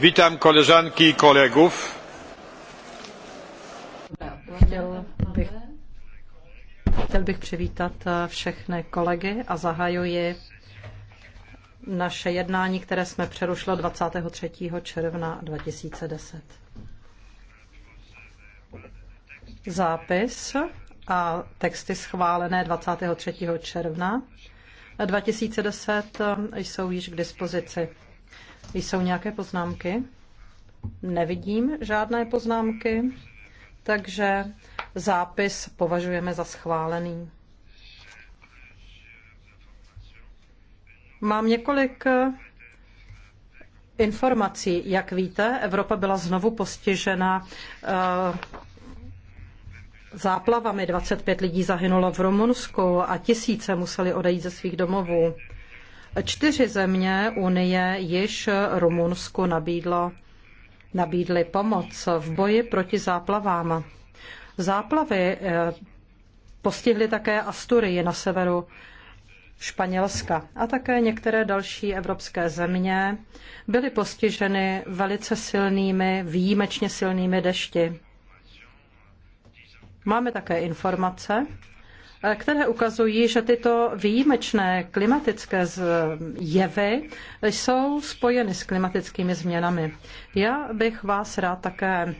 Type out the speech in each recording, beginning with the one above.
Vítám koleżanki i kolegów. Chtěl bych, chtěl bych přivítat eh, všechny kolegy a zahajuji naše jednání, které jsme přerušili 23. června 2010. Zápis a texty schválené 23. června 2010 eh, jsou již k dispozici. Jsou nějaké poznámky? Nevidím žádné poznámky, takže zápis považujeme za schválený. Mám několik informací. Jak víte, Evropa byla znovu postižena eh, záplavami. 25 lidí zahynulo v Rumunsku a tisíce museli odejít ze svých domovů. Čtyři země Unie již Rumunsku nabídlo, nabídly pomoc v boji proti záplavám. Záplavy eh, postihly také Asturii na severu Španělska a také některé další evropské země byly postiženy velice silnými, výjimečně silnými dešti. Máme také informace, Eh, které ukazují, že tyto výjimečné klimatické jevy jsou spojeny s klimatickými změnami. Já bych vás rád také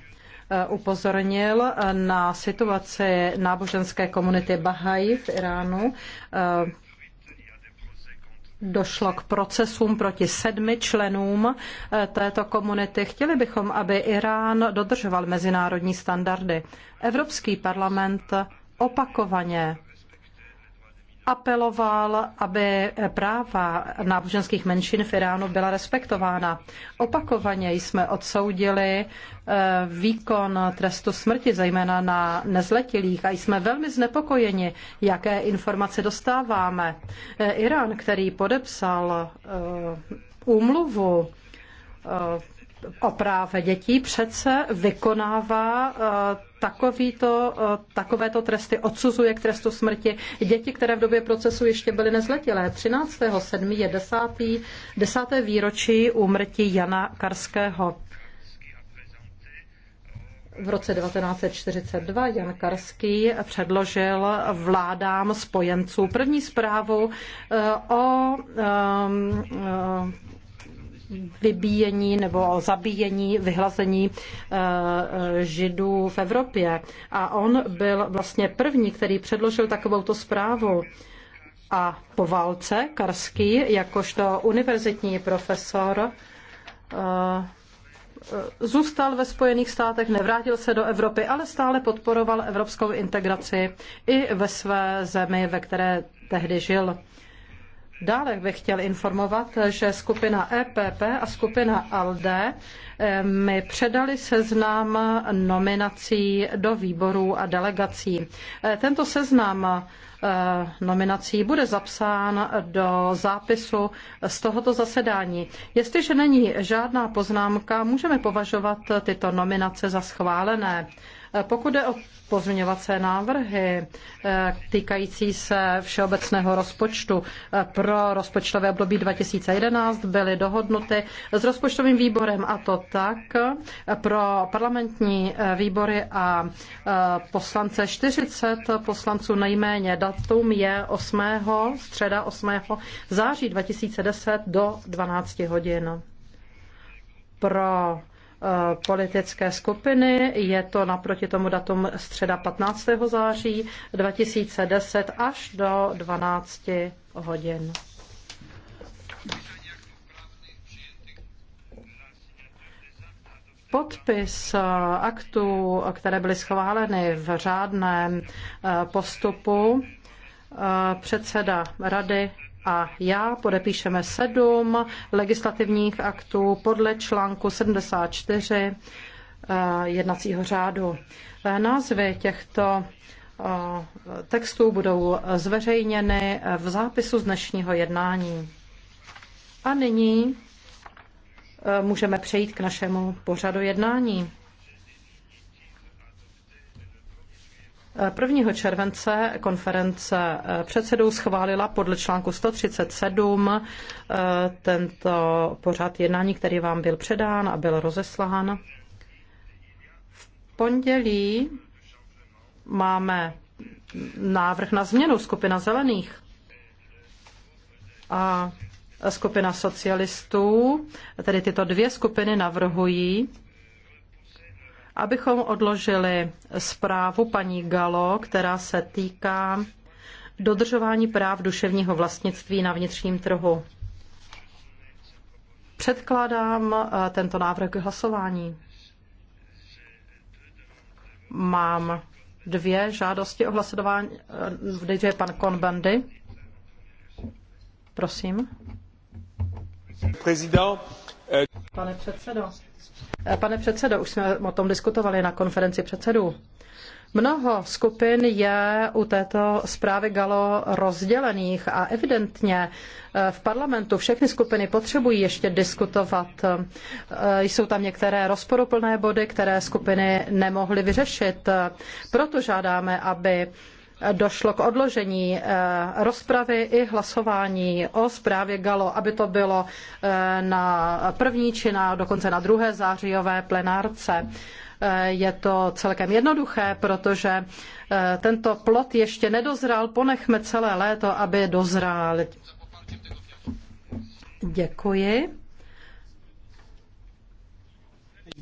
eh, upozornil eh, na situaci náboženské komunity Bahaj v Iránu. Došlo k procesům proti sedmi členům této komunity. Chtěli bychom, aby Irán dodržoval mezinárodní standardy. Evropský parlament opakovaně apeloval, aby práva náboženských menšin v Iránu byla respektována. Opakovaně jsme odsoudili eh, výkon trestu smrti, zejména na nezletilých, a jsme velmi znepokojeni, jaké informace dostáváme. Eh, Irán, který podepsal eh, úmluvu oprav dětí přece vykonává eh, takovýto, eh, takovéto tresty, odsuzuje k trestu smrti děti, které v době procesu ještě byly nezletilé. 13.7. je 10. 10. výročí úmrtí Jana Karského. V roce 1942 Jan Karský předložil vládám spojenců první zprávu eh, o vybíjení nebo o zabíjení, vyhlazení eh, židů v Evropě. A on byl vlastně první, který předložil takovouto zprávu. A po válce Karský, jakožto univerzitní profesor, eh, eh, zůstal ve Spojených státech, nevrátil se do Evropy, ale stále podporoval evropskou integraci i ve své zemi, ve které tehdy žil. Dále bych chtěl informovat, že skupina EPP a skupina ALDE eh, mi předali seznam nominací do výborů a delegací. Eh, tento seznam eh, nominací bude zapsán do zápisu z tohoto zasedání. Jestliže není žádná poznámka, můžeme považovat tyto nominace za schválené. Pokud jde o pozměňovací návrhy eh, týkající se všeobecného rozpočtu eh, pro rozpočtové období 2011 byly dohodnuty s rozpočtovým výborem a to tak eh, pro parlamentní výbory a poslance 40 poslanců nejméně. Datum je 8. středa 8. září 2010 do 12 hodin. Pro Eh, politické skupiny. Je to naproti tomu datum středa 15. září 2010 až do 12 hodin. Podpis eh, aktů, které byly schváleny v řádném eh, postupu, předseda rady a já podepíšeme sedm legislativních aktů podle článku 74 eh, jednacího řádu. Eh, názvy těchto eh, textů budou zveřejněny v zápisu z dnešního jednání. A nyní můžeme přejít k našemu pořadu jednání. 1. července konference předsedů schválila podle článku 137 eh, tento pořad jednání, který vám byl předán a byl rozeslán. V pondělí máme návrh na změnu skupina zelených a skupina socialistů, tedy tyto dvě skupiny navrhují, abychom odložili zprávu paní Galo, která se týká dodržování práv duševního vlastnictví na vnitřním trhu. Předkládám eh, tento návrh k hlasování. Mám dvě žádosti o hlasování. Eh, nejdříve pan Konbandy. Prosím. Prezident pane předsedo. Pane předsedo, už jsme o tom diskutovali na konferenci předsedů. Mnoho skupin je u této zprávy Galo rozdělených a evidentně eh, v parlamentu všechny skupiny potřebují ještě diskutovat. Eh, jsou tam některé rozporuplné body, které skupiny nemohly vyřešit. Eh, proto žádáme, aby došlo k odložení eh, rozpravy i hlasování o zprávě Galo, aby to bylo eh, na první či na, dokonce na druhé zářijové plenárce. Eh, je to celkem jednoduché, protože tento plot ještě nedozrál, ponechme celé léto, aby dozrál. Děkuji.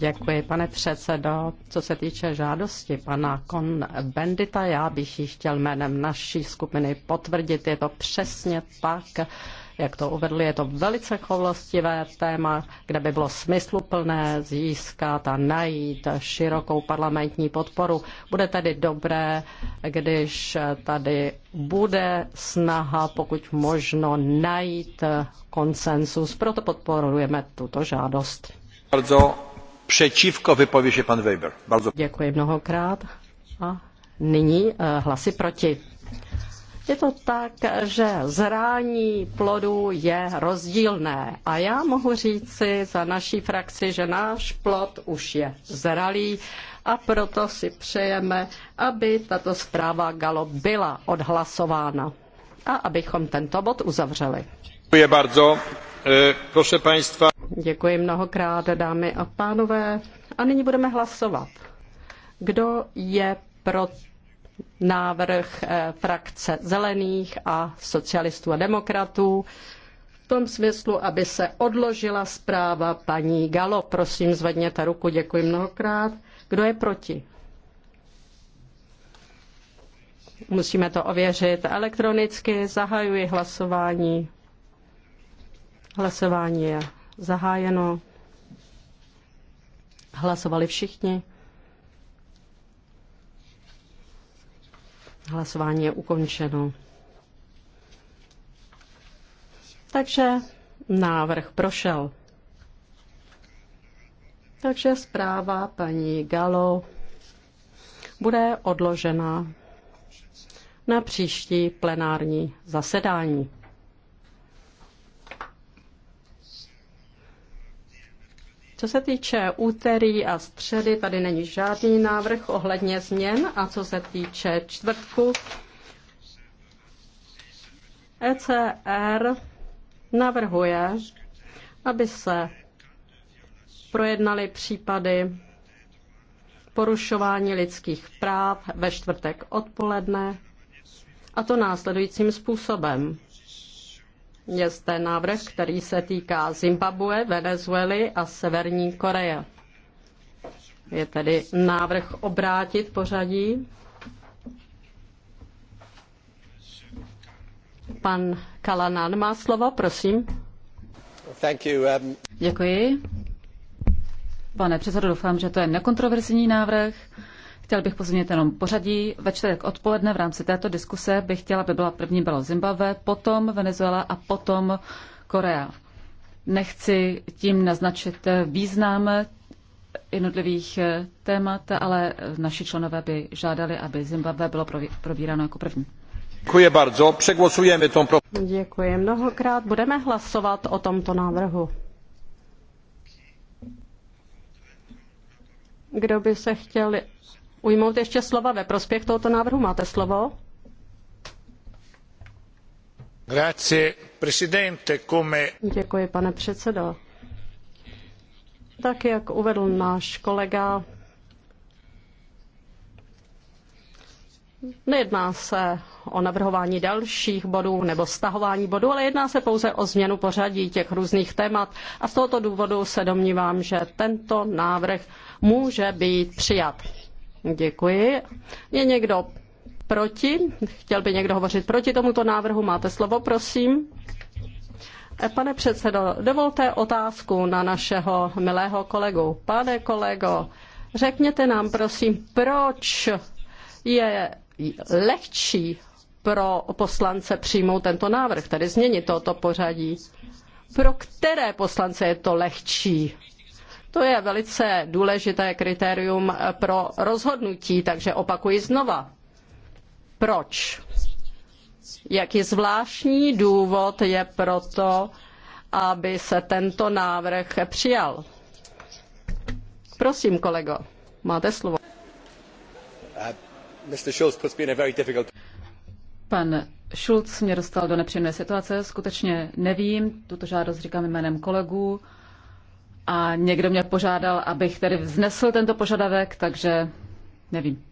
Děkuji, pane předsedo. Co se týče žádosti pana Kon Bendita, já bych ji chtěl jménem naší skupiny potvrdit. Je to přesně tak, jak to uvedli, je to velice choulostivé téma, kde by bylo smysluplné získat a najít širokou parlamentní podporu. Bude tady dobré, když tady bude snaha, pokud možno, najít konsensus. Proto podporujeme tuto žádost. Přečívko vypoví se pan Weber. Bardzo. Děkuji mnohokrát. A nyní eh, hlasy proti. Je to tak, že zrání plodů je rozdílné a já mohu říci za naší frakci, že náš plod už je zralý a proto si přejeme, aby tato zpráva Galo byla odhlasována a abychom tento bod uzavřeli. Děkuji bardzo. E, proszę państwa. Děkuji mnohokrát, dámy a pánové. A nyní budeme hlasovat. Kdo je pro návrh eh, frakce zelených a socialistů a demokratů v tom smyslu, aby se odložila zpráva paní Galo. Prosím, zvedněte ruku, děkuji mnohokrát. Kdo je proti? Musíme to ověřit elektronicky. Zahajuji hlasování. Hlasování je zahájeno. Hlasovali všichni. Hlasování je ukončeno. Takže návrh prošel. Takže zpráva paní Galo bude odložena na příští plenární zasedání. Co se týče úterý a středy, tady není žádný návrh ohledně změn a co se týče čtvrtku, ECR navrhuje, aby se projednaly případy porušování lidských práv ve čtvrtek odpoledne, a to následujícím způsobem. Je zde návrh, který se týká Zimbabwe, Venezuely a Severní Koreje. Je tedy návrh obrátit pořadí. Pan Kalanan má slovo, prosím. Thank you, um... Děkuji. Pane předsedo, doufám, že to je nekontroverzní návrh. Chtěl bych pozměnit jenom pořadí. Ve čtvrtek odpoledne v rámci této diskuse bych chtěla, aby byla první bylo Zimbabwe, potom Venezuela a potom Korea. Nechci tím naznačit význam jednotlivých témat, ale naši členové by žádali, aby Zimbabwe bylo probíráno jako první. Děkuji bardzo. Přegłosujeme tą pro... Děkuji mnohokrát. Budeme hlasovat o tomto návrhu. Kdo by se chtěl ujmout ještě slova ve prospěch tohoto návrhu. Máte slovo. Grazie, presidente, come... Děkuji, pane předsedo. Tak, jak uvedl náš kolega, Nejedná se o navrhování dalších bodů nebo stahování bodů, ale jedná se pouze o změnu pořadí těch různých témat a z tohoto důvodu se domnívám, že tento návrh může být přijat. Děkuji. Je někdo proti? Chtěl by někdo hovořit proti tomuto návrhu? Máte slovo, prosím. E, pane předsedo, dovolte otázku na našeho milého kolegu. Pane kolego, řekněte nám prosím, proč je lehčí pro poslance přijmout tento návrh, tedy změnit toto pořadí. Pro které poslance je to lehčí? To je velice důležité kritérium pro rozhodnutí, takže opakuji znova. Proč? Jaký zvláštní důvod je pro to, aby se tento návrh přijal? Prosím, kolego, máte slovo. Uh, Pan Schulz mě dostal do nepříjemné situace, skutečně nevím, tuto žádost říkám jménem kolegů a někdo mě požádal, abych tedy vznesl tento požadavek, takže nevím.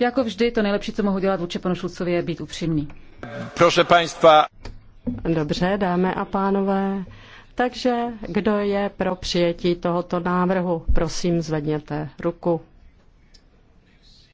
Jako vždy, to nejlepší, co mohu dělat vůči panu Šulcovi, je být upřímný. Proszę państwa. Dobře, dámy a pánové. Takže kdo je pro přijetí tohoto návrhu, prosím zvedněte ruku.